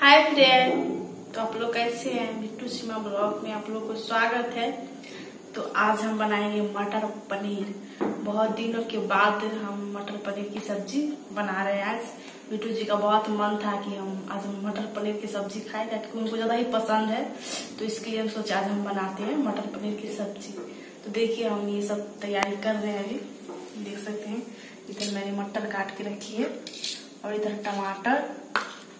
हाय friend तो आप लोग कैसे हैं बिट्टू सीमा ब्लॉग में आप लोग को स्वागत है तो आज हम बनाएंगे मटर पनीर बहुत दिनों के बाद हम मटर पनीर की सब्जी बना रहे हैं आज बिट्टू जी का बहुत मन था कि हम आज हम मटर पनीर की सब्जी खाए क्योंकि उनको ज़्यादा ही पसंद है तो इसके लिए हम सोचा आज हम बनाते हैं मटर पनीर की सब्जी तो देखिए हम ये सब तैयारी कर रहे हैं अभी देख सकते हैं इधर मैंने मटर काट के रखी है और इधर टमाटर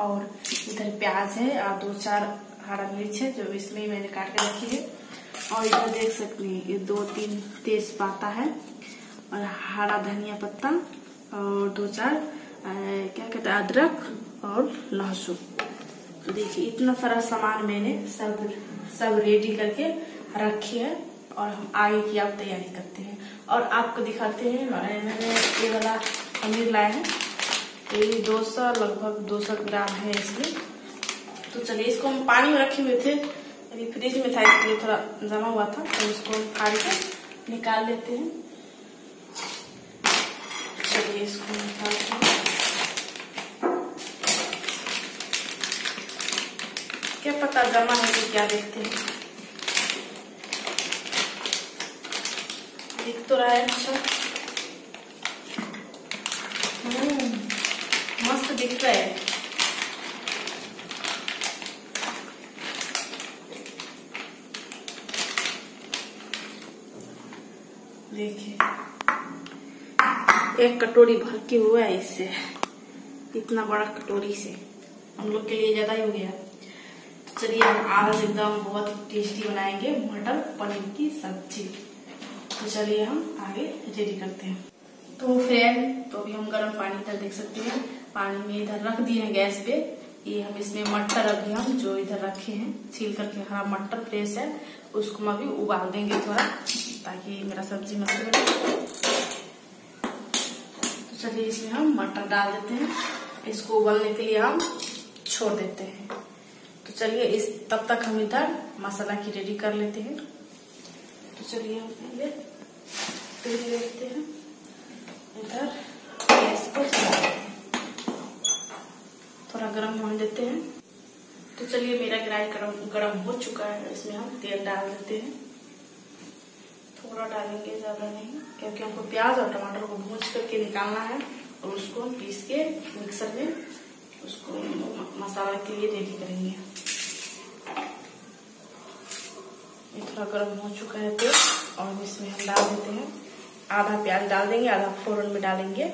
और इधर प्याज है और दो चार हरा मिर्च है जो इसमें मैंने काट के रखी है और इधर देख सकते हैं ये दो तीन तेज पाता है और हरा धनिया पत्ता और दो चार क्या कहते हैं अदरक और लहसुन तो देखिए इतना सारा सामान मैंने सब सब रेडी करके रखी है और हम आगे की आप तैयारी करते हैं और आपको दिखाते हैं मैंने ये वाला पनीर लाया है तो ये डोसा लगभग 200 ग्राम है इसमें तो चलिए इसको हम पानी में रखे हुए थे अभी फ्रिज में था इसलिए थोड़ा जमा हुआ था तो इसको फाड़ के निकाल लेते हैं चलिए इसको निकाल क्या पता जमा है कि क्या देखते हैं दिख तो रहा है अच्छा दिखता है देखिए एक कटोरी भर के हुआ है इससे इतना बड़ा कटोरी से हम लोग के लिए ज्यादा ही हो गया तो चलिए हम आज एकदम बहुत टेस्टी बनाएंगे मटर पनीर की सब्जी तो चलिए हम आगे रेडी करते हैं तो फ्रेंड तो अभी हम गर्म पानी तक देख सकते हैं पानी में इधर रख दिए हैं गैस पे ये हम इसमें मटर अभी हम जो इधर रखे हैं छील करके हरा मटर फ्रेश है उसको हम अभी उबाल देंगे थोड़ा ताकि मेरा सब्जी मस्त तो चलिए इसमें हम मटर डाल देते हैं इसको उबलने के लिए हम छोड़ देते हैं तो चलिए इस तब तक हम इधर मसाला की रेडी कर लेते हैं तो चलिए हम पहले तेल लेते हैं इधर गैस को थोड़ा गर्म होने देते हैं तो चलिए मेरा ग्राई गर्म गर्म हो चुका है इसमें हम तेल डाल देते हैं थोड़ा डालेंगे ज्यादा नहीं क्योंकि हमको प्याज और टमाटर को भूज करके निकालना है और उसको हम पीस के मिक्सर में उसको मसाला के लिए रेडी करेंगे ये थोड़ा गर्म हो चुका है तेल और इसमें हम डाल देते हैं आधा प्याज डाल देंगे आधा फोरन में डालेंगे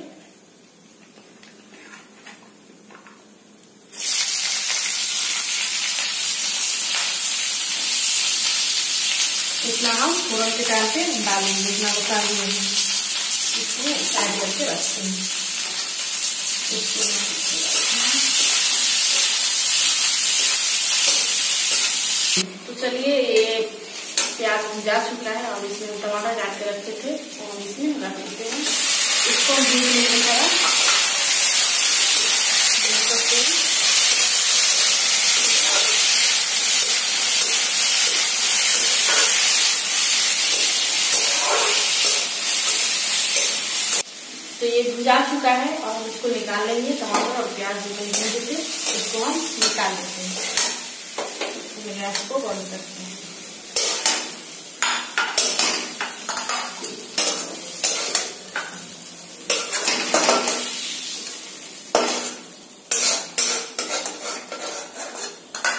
इतना हम फोरन के डाल के डालेंगे इतना बता दिए इसमें साइड करके रखते हैं तो चलिए ये प्याज जा चुका है और इसमें टमाटर काट के रखे थे और इसमें रख देते हैं इसको हम दूध लेने का तो ये भुजा चुका है और हम इसको निकाल लेंगे टमाटर और प्याज जो भेज देते उसको हम निकाल लेते हैं गैस को बंद करते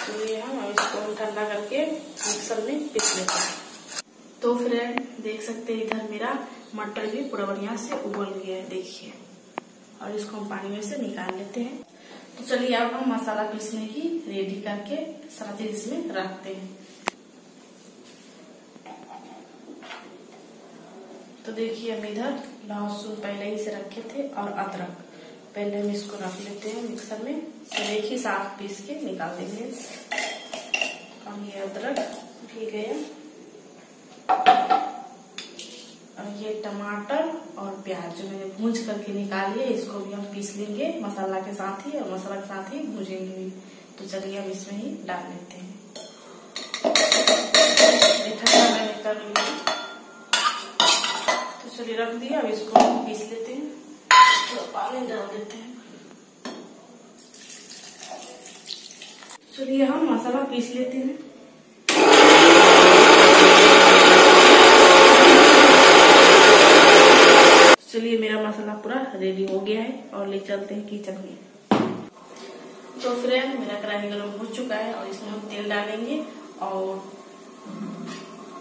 तो हैं ठंडा करके मिक्सर में पीस लेते हैं तो फ्रेंड देख सकते हैं इधर मेरा मटर भी पूरा बढ़िया से उबल गया है देखिए और इसको हम पानी में से निकाल लेते हैं तो चलिए अब हम मसाला पीसने की रेडी करके साथ ही इसमें रखते हैं तो देखिए हम इधर लहसुन पहले ही से रखे थे और अदरक पहले हम इसको रख लेते हैं मिक्सर में तो एक ही साफ पीस के निकाल देंगे और ये अदरक भी गया प्याज जो मैंने भूज करके निकाली है इसको भी हम पीस लेंगे मसाला के साथ ही और मसाला के साथ ही भूजेंगे भी तो चलिए हम इसमें ही डाल लेते हैं ठंडा मैंने कर लिया तो चलिए रख दिया अब इसको हम पीस लेते हैं तो पानी डाल देते हैं चलिए हम मसाला पीस लेते हैं और ले चलते हैं किचन में तो फ्रेंड मेरा कढ़ाई गर्म हो चुका है और इसमें हम तेल डालेंगे और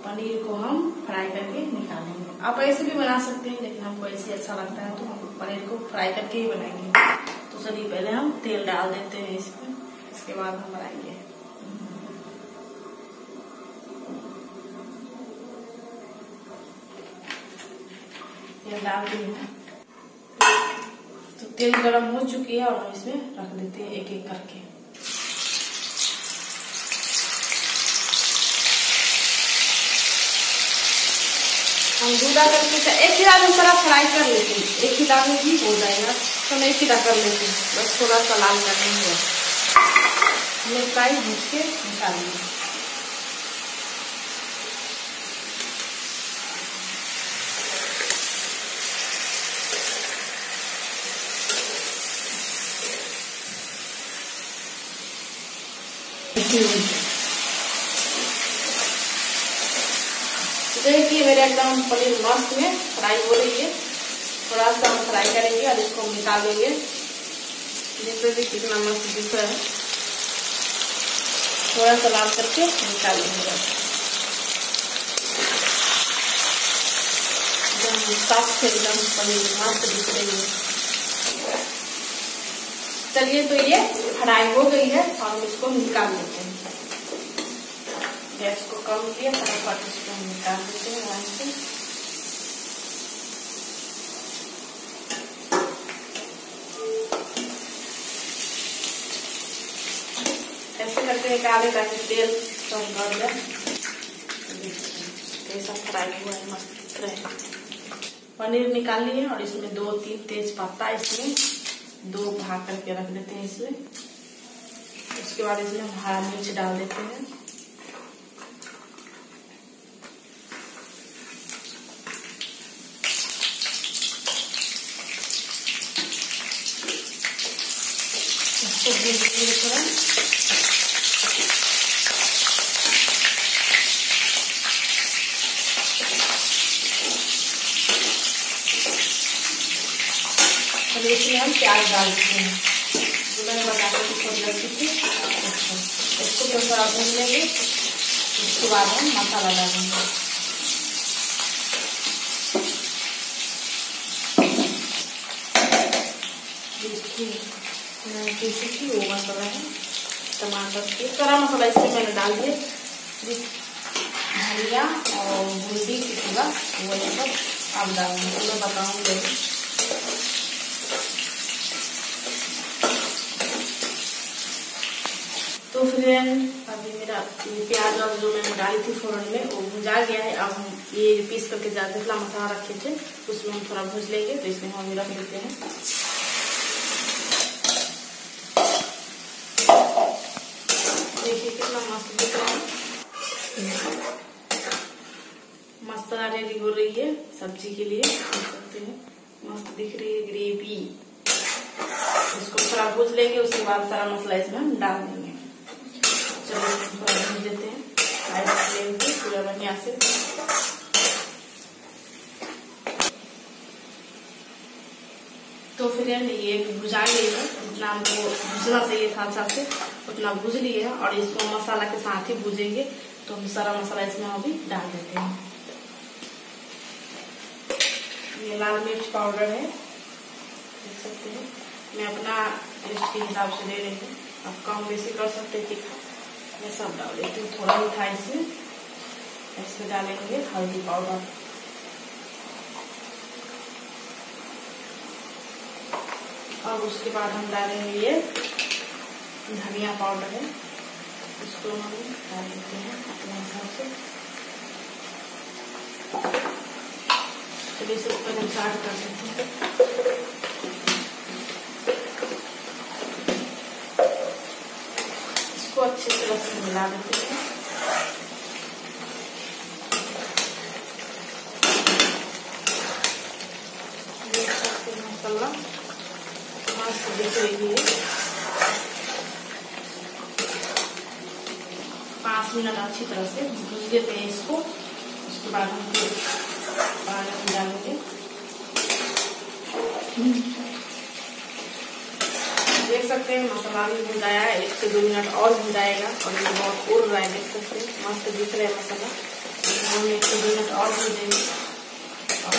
पनीर को हम फ्राई करके निकालेंगे आप ऐसे भी बना सकते हैं लेकिन हमको ऐसे अच्छा लगता है तो हम पनीर को फ्राई करके ही बनाएंगे तो चलिए पहले हम तेल डाल देते हैं इसमें इसके बाद हम बनाएंगे तेल डाल दिए तेल गरम हो चुकी है और हम इसमें रख देते हैं एक एक करके हम दूधा करके एक ही दाग में थोड़ा फ्राई कर लेते हैं एक ही दाग में भी हो जाएगा तो मैं एक ही दाग कर लेती हूँ बस थोड़ा सा लाल करना हुआ हमें फ्राई भूज के निकाल लेंगे देखिए मेरे एकदम पनीर मस्त में फ्राई हो रही है थोड़ा सा हम फ्राई करेंगे और इसको हम निकाल देंगे जिससे भी कितना मस्त दिख रहा है थोड़ा सा लाल करके निकाल देंगे एकदम साफ से एकदम पनीर मस्त दिख रही है चलिए तो ये फ्राई हो गई है और इसको निकाल लेते हैं गैस को कम किया फटाफट इसको निकाल लेते हैं यहाँ से ऐसे करके निकाले ताकि तेल कम कर दे फ्राई हुआ है मस्त पनीर निकाल लिए और इसमें दो तीन तेज पत्ता इसमें दो भाग करके रख देते हैं इसमें उसके बाद इसमें हरा मिर्च डाल देते हैं रखते इसको थोड़ा भून लेंगे उसके बाद हम मसाला डालेंगे मैंने पीसी वो मसाला है टमाटर के सारा मसाला इसमें मैंने डाल दिया धनिया और बूंदी की वो सब आप डालेंगे मैं बताऊँगी फ्रेंड अभी मेरा ये प्याज और जो मैंने डाली थी फोरन में वो भुजा गया है अब हम ये पीस करके जितना मसाला रखे थे उसमें हम थोड़ा भूज लेंगे तो इसमें हम रख लेते हैं देखिए कितना मस्त दिख रहा है मसाला रेडी हो रही है सब्जी के लिए सकते हैं मस्त दिख रही है ग्रेवी इसको थोड़ा भूज लेंगे उसके बाद सारा मसाला इसमें हम डाल देंगे चलो इसको भरने देते हैं हाई फ्लेम पे पूरा बने यहाँ से तो फिर ये भुजा लिए जितना हमको भुजना चाहिए था अच्छा से उतना भुज लिए है और इसको मसाला के साथ ही भुजेंगे तो हम सारा मसाला इसमें अभी डाल देते हैं ये लाल मिर्च पाउडर है देख सकते हैं मैं अपना टेस्ट के हिसाब से ले रही हूँ आप कम बेसी कर सकते हैं तीखा ये सब डाल देती हूँ थोड़ा ही इसमें इसमें डालेंगे हल्दी पाउडर और उसके बाद हम डालेंगे ये धनिया पाउडर है इसको हम डाल देते हैं अपने हिसाब से चलिए इसको अनुसार कर देते हैं मिला देते हैं देख सकते हैं मस्त दिख रही है मिनट अच्छी तरह से भूज देते हैं इसको उसके बाद हम पानी सकते हैं मसाला भी भुनाया है एक से दो मिनट और भुनाएगा और ये बहुत उड़ रहा है देख सकते हैं मस्त दिख रहा है मसाला हम एक से दो मिनट और भूनेंगे और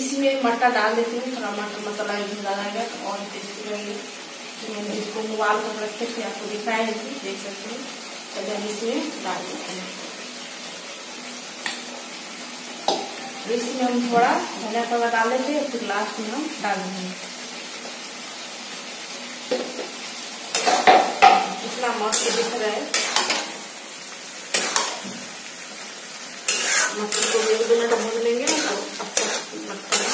इसमें मटर डाल देते हैं थोड़ा मटर मसाला भी भुना जाएगा तो और टेस्टी लगेगी मैंने इसको उबाल कर रखे थे आपको दिखाया है देख सकते हैं तभी तो हम इसमें डाल देते हैं तो इसमें हम थोड़ा धनिया पत्ता डाल देते हैं फिर लास्ट में हम डाल देंगे का मस्त दिख रहा है मक्खी को एक दो मिनट भून लेंगे ना तो अच्छा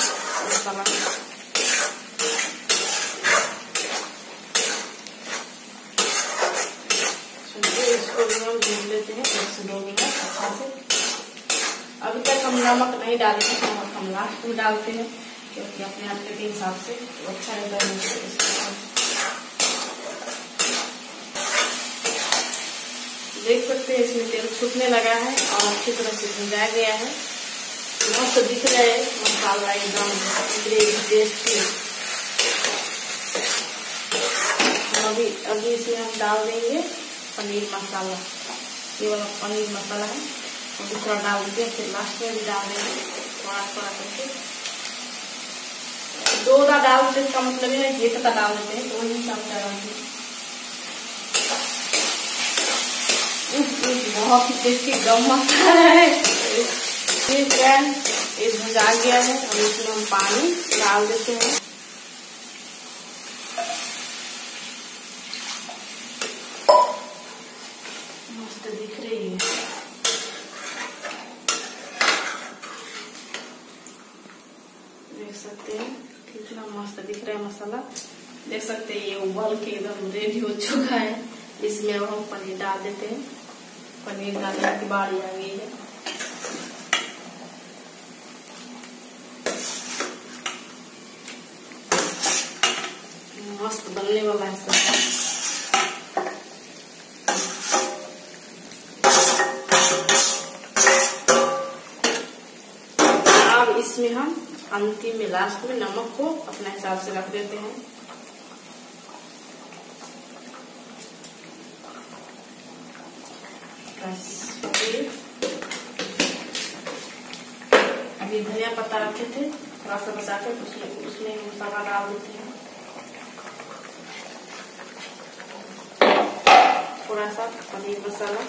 इसको भी हम भून लेते हैं एक से दो मिनट अच्छा से अभी तक हम नमक नहीं डाले नमक हम लास्ट में डालते हैं क्योंकि अपने आटे के हिसाब से अच्छा रहता है देख सकते हैं इसमें तेल छूटने लगा है और अच्छी तरह से भुंजा गया है मस्त दिख रहा है मसाला एकदम टेस्टी अभी अभी इसमें हम डाल देंगे पनीर मसाला ये वाला पनीर मसाला है और दूसरा डाल देंगे फिर लास्ट में भी डाल देंगे थोड़ा थोड़ा करके दो डाल देते इसका मतलब है एक का डाल देते हैं मतलब तो वही हिसाब से डाल देंगे बहुत टेस्टी गम मसाला है ये है ये भुजा गया है और इसमें हम पानी डाल देते हैं है देख सकते मस्त दिख रहा है मसाला देख सकते हैं ये उबल के एकदम रेडी हो चुका है इसमें अब हम पनीर डाल देते हैं पनीर डालने के बारी आ गई मस्त बनने वाला है सब इसमें हम अंतिम में लास्ट में नमक को अपने हिसाब से रख देते हैं अभी धनिया पत्ता रखे थे थोड़ा सा बचा कर तो उसमें उसमें मसाला डाल देती हूँ थोड़ा सा पनीर मसाला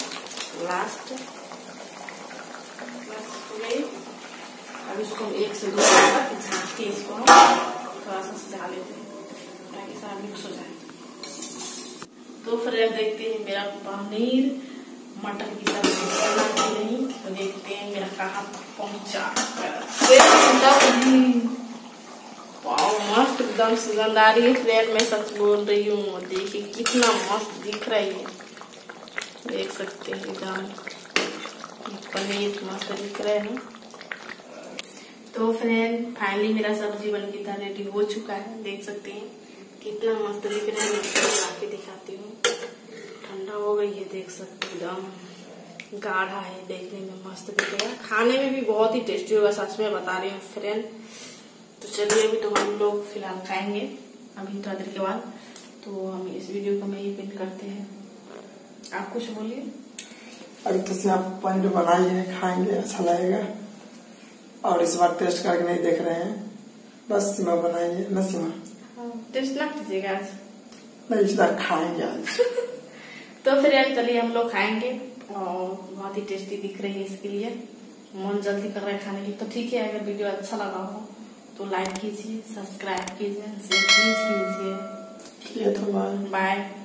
लास्ट अब इसको हम एक से दो झाँक के इसको हम थोड़ा सा सजा लेते हैं ताकि सारा मिक्स हो जाए तो फिर देखते हैं मेरा पनीर मटर की सब्जी बना की नहीं तो देखते हैं मेरा कहाँ तक पहुँचा मस्त एकदम सुगंध आ रही है फ्रेंड मैं सच बोल रही हूँ देखिए कितना मस्त दिख रही है देख सकते हैं एकदम पनीर मस्त दिख रहे हैं तो फ्रेंड फाइनली मेरा सब्जी बन के था रेडी हो चुका है देख सकते हैं कितना मस्त दिख रहा है मैं आपके दिखाती हूँ ठंडा हो गई है देख सकते हो एकदम गाढ़ा है देखने में मस्त दिखेगा खाने में भी बहुत ही टेस्टी होगा सच में बता रही हूँ फ्रेंड तो चलिए अभी तो हम लोग फिलहाल खाएंगे अभी थोड़ा देर के बाद तो हम इस वीडियो को मैं ही पिन करते हैं आप कुछ बोलिए अभी तो आप पनीर बनाइए खाएंगे अच्छा लगेगा और इस बार टेस्ट करके नहीं देख रहे हैं बस सीमा बनाइए न सीमा हाँ, टेस्ट ना कीजिएगा आज नहीं इस बार खाएंगे आज तो फिर चलिए हम लोग खाएंगे और बहुत ही टेस्टी दिख रही है इसके लिए मन जल्दी कर रहा है खाने की तो ठीक है अगर वीडियो अच्छा लगा हो तो लाइक कीजिए सब्सक्राइब कीजिए शेयर कीजिए बाय